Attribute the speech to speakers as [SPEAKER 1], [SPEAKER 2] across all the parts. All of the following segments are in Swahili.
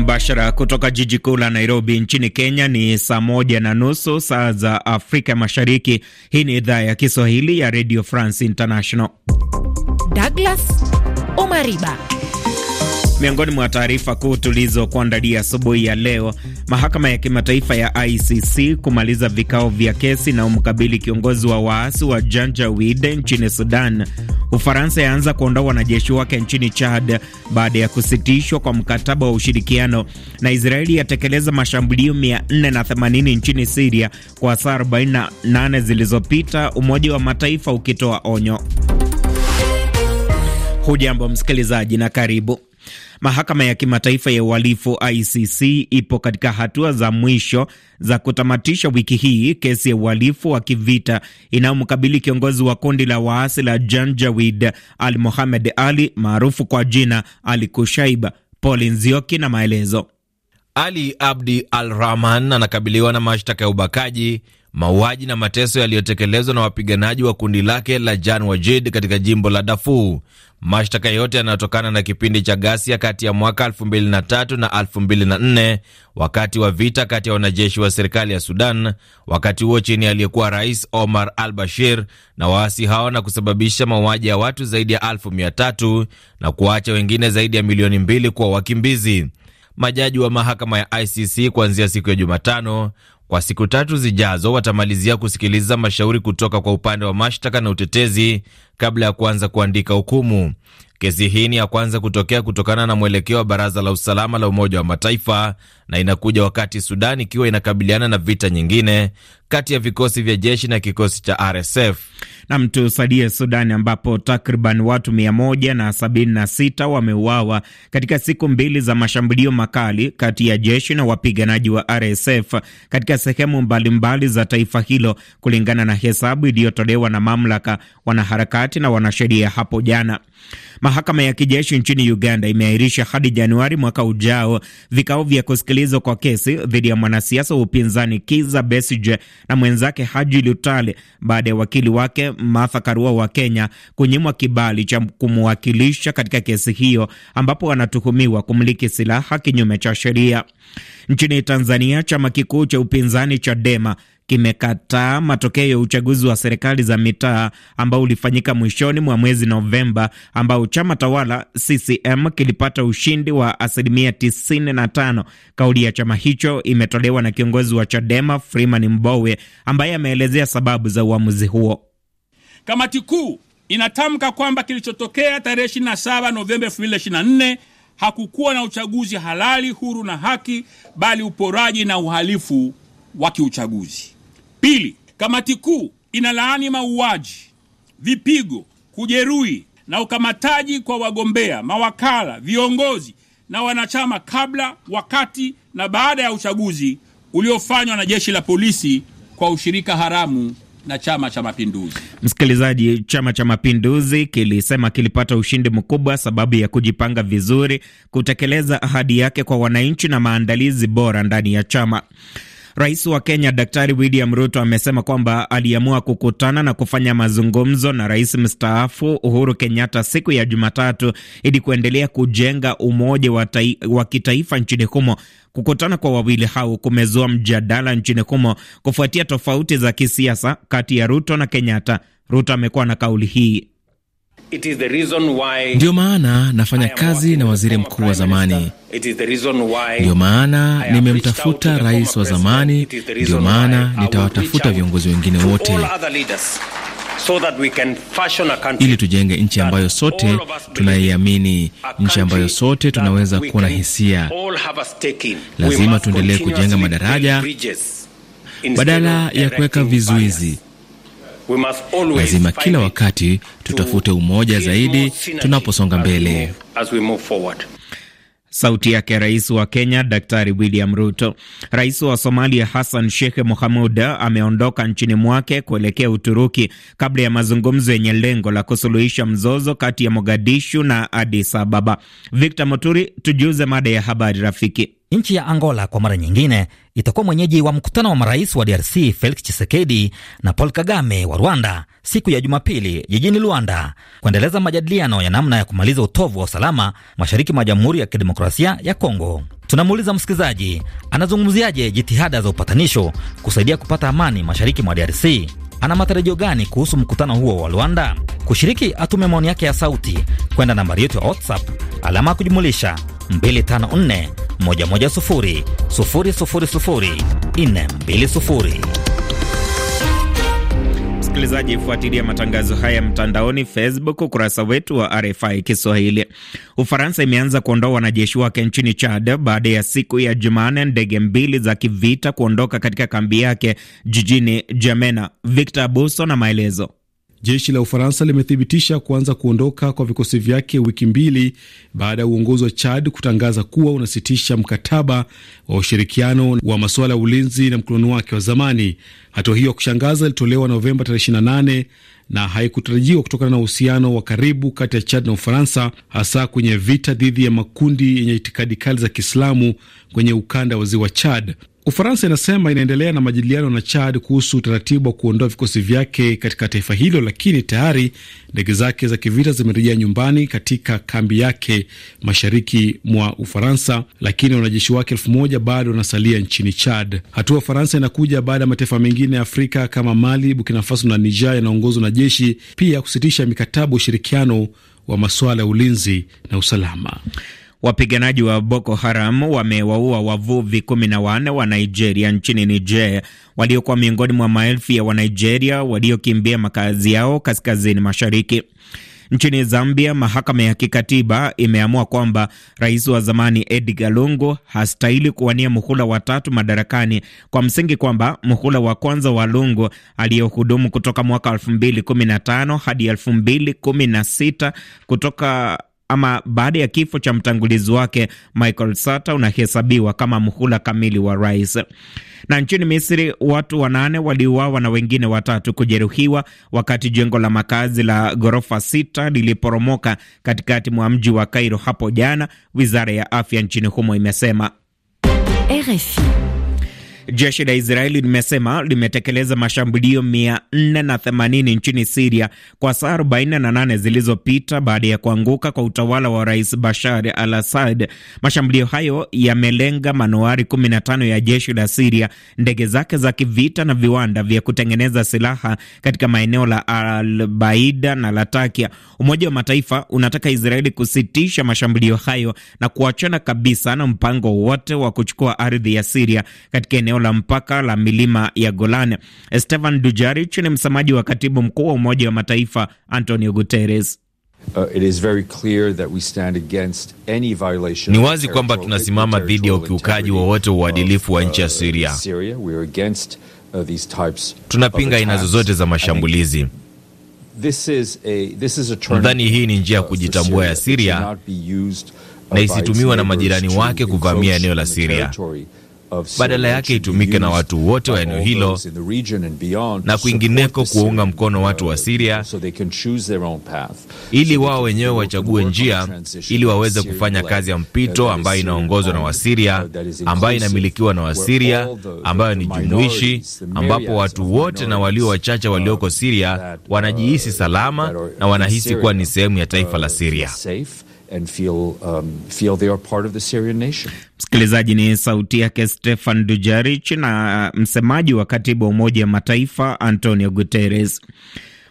[SPEAKER 1] Mbashara kutoka jiji kuu la Nairobi nchini Kenya. Ni saa moja na nusu saa za Afrika Mashariki. Hii ni idhaa ya Kiswahili ya Radio France International. Douglas Omariba Miongoni mwa taarifa kuu tulizokuandalia asubuhi ya leo, mahakama ya kimataifa ya ICC kumaliza vikao vya kesi na umkabili kiongozi wa waasi wa Janjaweed nchini Sudan. Ufaransa yaanza kuondoa wanajeshi wake nchini Chad baada ya kusitishwa kwa mkataba wa ushirikiano, na Israeli yatekeleza mashambulio 480 nchini Siria kwa saa 48 zilizopita, Umoja wa Mataifa ukitoa onyo. Hujambo msikilizaji na karibu. Mahakama ya Kimataifa ya Uhalifu ICC ipo katika hatua za mwisho za kutamatisha wiki hii kesi ya uhalifu wa kivita inayomkabili kiongozi wa kundi la waasi la Janjawid Al Mohamed Ali maarufu kwa jina Ali Kushaiba. Paul Nzioki na maelezo.
[SPEAKER 2] Ali Abdi Al Rahman anakabiliwa na mashtaka ya ubakaji mauaji na mateso yaliyotekelezwa na wapiganaji wa kundi lake la Jan Wajid katika jimbo la Darfur. Mashtaka yote yanayotokana na kipindi cha ghasia kati ya mwaka 2003 na 2004 wakati wa vita kati ya wanajeshi wa serikali ya Sudan, wakati huo chini aliyekuwa Rais Omar al Bashir, na waasi hao na kusababisha mauaji ya watu zaidi ya 3 na kuwaacha wengine zaidi ya milioni mbili kuwa wakimbizi. Majaji wa mahakama ya ICC kuanzia siku ya Jumatano kwa siku tatu zijazo watamalizia kusikiliza mashauri kutoka kwa upande wa mashtaka na utetezi kabla ya kuanza kuandika hukumu. Kesi hii ni ya kwanza kutokea kutokana na mwelekeo wa Baraza la Usalama la Umoja wa Mataifa na inakuja wakati Sudan ikiwa inakabiliana na vita nyingine kati ya vikosi vya jeshi na kikosi cha RSF.
[SPEAKER 1] Nam, tusalie Sudani ambapo takriban watu 176 wameuawa katika siku mbili za mashambulio makali kati ya jeshi na wapiganaji wa RSF katika sehemu mbalimbali za taifa hilo, kulingana na hesabu iliyotolewa na mamlaka. Wanaharakati harakati na wanasheria hapo jana. Mahakama ya kijeshi nchini Uganda imeahirisha hadi Januari mwaka ujao vikao vya kusikilizwa kwa kesi dhidi ya mwanasiasa wa upinzani Kiza Besige na mwenzake Haji Lutale baada ya wakili wake Martha Karua wa Kenya kunyimwa kibali cha kumwakilisha katika kesi hiyo, ambapo anatuhumiwa kumiliki silaha kinyume cha sheria. Nchini Tanzania, chama kikuu cha upinzani Chadema kimekataa matokeo ya uchaguzi wa serikali za mitaa ambao ulifanyika mwishoni mwa mwezi Novemba, ambao chama tawala CCM kilipata ushindi wa asilimia 95. Kauli ya chama hicho imetolewa na kiongozi wa Chadema Freeman Mbowe ambaye ameelezea sababu za uamuzi huo. Kamati kuu inatamka kwamba kilichotokea tarehe 27 Novemba 2024 hakukuwa na uchaguzi halali, huru na haki, bali uporaji na uhalifu
[SPEAKER 2] wa kiuchaguzi. Pili, kamati kuu inalaani mauaji,
[SPEAKER 1] vipigo, kujeruhi na ukamataji kwa wagombea, mawakala, viongozi na wanachama kabla, wakati na baada ya uchaguzi uliofanywa
[SPEAKER 2] na jeshi la polisi kwa ushirika haramu na Chama cha Mapinduzi.
[SPEAKER 1] Msikilizaji, Chama cha Mapinduzi kilisema kilipata ushindi mkubwa sababu ya kujipanga vizuri, kutekeleza ahadi yake kwa wananchi na maandalizi bora ndani ya chama. Rais wa Kenya Daktari William Ruto amesema kwamba aliamua kukutana na kufanya mazungumzo na rais mstaafu Uhuru Kenyatta siku ya Jumatatu ili kuendelea kujenga umoja wa, wa kitaifa nchini humo. Kukutana kwa wawili hao kumezua mjadala nchini humo kufuatia tofauti za kisiasa kati ya Ruto na Kenyatta. Ruto amekuwa na kauli hii Ndiyo maana nafanya kazi na waziri mkuu
[SPEAKER 2] wa zamani. Ndiyo maana nimemtafuta rais wa zamani. Ndiyo maana nitawatafuta viongozi wengine wote, so ili tujenge nchi ambayo sote tunaiamini, nchi ambayo sote tunaweza kuwa na hisia.
[SPEAKER 1] Lazima tuendelee kujenga madaraja
[SPEAKER 2] badala ya kuweka vizuizi. Lazima kila wakati tutafute umoja zaidi tunaposonga mbele.
[SPEAKER 1] Sauti yake rais wa Kenya Daktari William Ruto. Rais wa Somalia Hassan Sheikh Mohamud ameondoka nchini mwake kuelekea Uturuki kabla ya mazungumzo yenye lengo la kusuluhisha mzozo kati ya Mogadishu na Adis Ababa. Victor Moturi, tujiuze mada ya habari rafiki. Nchi ya Angola kwa mara nyingine itakuwa mwenyeji wa mkutano wa marais wa DRC Felix Tshisekedi na Paul Kagame wa Rwanda siku ya Jumapili jijini Luanda kuendeleza majadiliano ya namna ya kumaliza utovu wa usalama mashariki mwa Jamhuri ya Kidemokrasia ya Kongo. Tunamuuliza msikilizaji anazungumziaje jitihada za upatanisho kusaidia kupata amani mashariki mwa DRC. Ana matarajio gani kuhusu mkutano huo wa Luanda? Kushiriki, atume maoni yake ya sauti kwenda nambari yetu ya WhatsApp alama ya kujumulisha 254 Msikilizaji, fuatilia matangazo haya mtandaoni Facebook, ukurasa wetu wa RFI Kiswahili. Ufaransa imeanza kuondoa wanajeshi wake nchini Chad baada ya siku ya Jumanne ndege mbili za kivita kuondoka katika kambi yake jijini Jamena. Victor abuso na maelezo Jeshi la Ufaransa limethibitisha kuanza kuondoka kwa vikosi vyake wiki mbili baada ya uongozi wa Chad kutangaza kuwa unasitisha mkataba wa ushirikiano wa masuala ya ulinzi na mkoloni wake wa zamani. Hatua hiyo ya kushangaza ilitolewa Novemba 28 na haikutarajiwa kutokana na uhusiano wa karibu kati ya Chad na Ufaransa, hasa kwenye vita dhidi ya makundi yenye itikadi kali za Kiislamu kwenye ukanda wa ziwa Chad. Ufaransa inasema inaendelea na majadiliano na Chad kuhusu utaratibu wa kuondoa vikosi vyake katika taifa hilo, lakini tayari ndege zake za kivita zimerejea nyumbani katika kambi yake mashariki mwa Ufaransa, lakini wanajeshi wake elfu moja bado wanasalia nchini Chad. Hatua ya Ufaransa inakuja baada ya mataifa mengine ya Afrika kama Mali, Burkina Faso na Niger yanaongozwa na jeshi pia kusitisha mikataba ushirikiano wa masuala ya ulinzi na usalama. Wapiganaji wa Boko Haram wamewaua wavuvi kumi na wanne wa Nigeria nchini Niger waliokuwa miongoni mwa maelfu ya Wanigeria waliokimbia makazi yao kaskazini mashariki. Nchini Zambia, mahakama ya kikatiba imeamua kwamba rais wa zamani Edgar Lungu hastahili kuwania muhula wa tatu madarakani kwa msingi kwamba muhula wa kwanza wa Lungu aliyohudumu kutoka mwaka 2015 hadi 2016 kutoka ama baada ya kifo cha mtangulizi wake Michael Sata unahesabiwa kama mhula kamili wa rais. Na nchini Misri watu wanane waliuawa na wengine watatu kujeruhiwa wakati jengo la makazi la ghorofa sita liliporomoka katikati mwa mji wa Kairo hapo jana, wizara ya afya nchini humo imesema. RFI. Jeshi la Israeli limesema limetekeleza mashambulio 480 nchini Siria kwa saa 48 zilizopita baada ya kuanguka kwa utawala wa Rais Bashar al Assad. Mashambulio hayo yamelenga manowari 15 ya jeshi la Siria, ndege zake za kivita na viwanda vya kutengeneza silaha katika maeneo la Al Baida na Latakia. Umoja wa Mataifa unataka Israeli kusitisha mashambulio hayo na kuachana kabisa na mpango wote wa kuchukua ardhi ya Siria katika eneo la mpaka la milima ya Golan. Stephane Dujarric ni msemaji wa katibu mkuu wa Umoja wa Mataifa Antonio Guterres.
[SPEAKER 2] Uh, it is very clear that we stand against any violation. Ni wazi kwamba tunasimama dhidi ya ukiukaji wowote wa uadilifu wa nchi ya uh, Syria. Uh, tunapinga aina zozote za mashambulizi. Nadhani hii ni njia ya kujitambua ya Syria uh, na isitumiwa na majirani wake kuvamia eneo la Syria badala yake itumike na watu wote wa eneo hilo na kwingineko kuwaunga mkono watu wa Siria ili wao wenyewe wachague njia ili waweze kufanya kazi ya mpito ambayo inaongozwa na Wasiria, ambayo inamilikiwa na Wasiria, ambayo ni jumuishi, ambapo watu wote na walio wachache walioko Siria wanajihisi salama na wanahisi kuwa ni sehemu ya taifa la Siria. And feel, um, feel they are part of the Syrian nation.
[SPEAKER 1] Msikilizaji, ni sauti yake Stefan Dujarric na msemaji wa katibu wa Umoja wa Mataifa Antonio Guterres.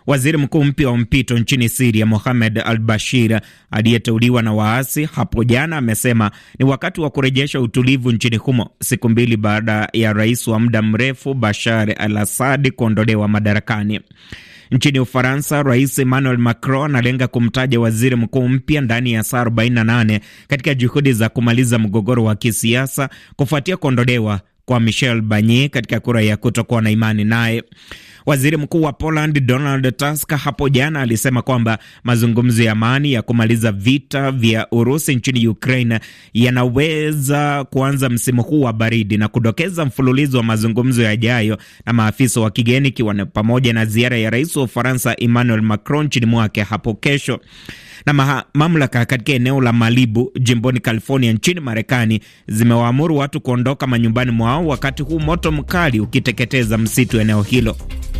[SPEAKER 1] Waziri mkuu mpya wa mpito nchini Siria Mohamed Al Bashir aliyeteuliwa na waasi hapo jana amesema ni wakati wa kurejesha utulivu nchini humo, siku mbili baada ya rais wa muda mrefu Bashar Al Assad kuondolewa madarakani. Nchini Ufaransa, Rais Emmanuel Macron analenga kumtaja waziri mkuu mpya ndani ya saa 48 katika juhudi za kumaliza mgogoro wa kisiasa kufuatia kuondolewa kwa Michel Barnier katika kura ya kutokuwa na imani naye. Waziri Mkuu wa Poland Donald Tusk hapo jana alisema kwamba mazungumzo ya amani ya kumaliza vita vya Urusi nchini Ukraine yanaweza kuanza msimu huu wa baridi na kudokeza mfululizo wa mazungumzo yajayo na maafisa wa kigeni ikiwa pamoja na ziara ya rais wa Ufaransa Emmanuel Macron nchini mwake hapo kesho. Na maha, mamlaka katika eneo la Malibu jimboni California nchini Marekani zimewaamuru watu kuondoka manyumbani mwao wakati huu moto mkali ukiteketeza msitu eneo hilo.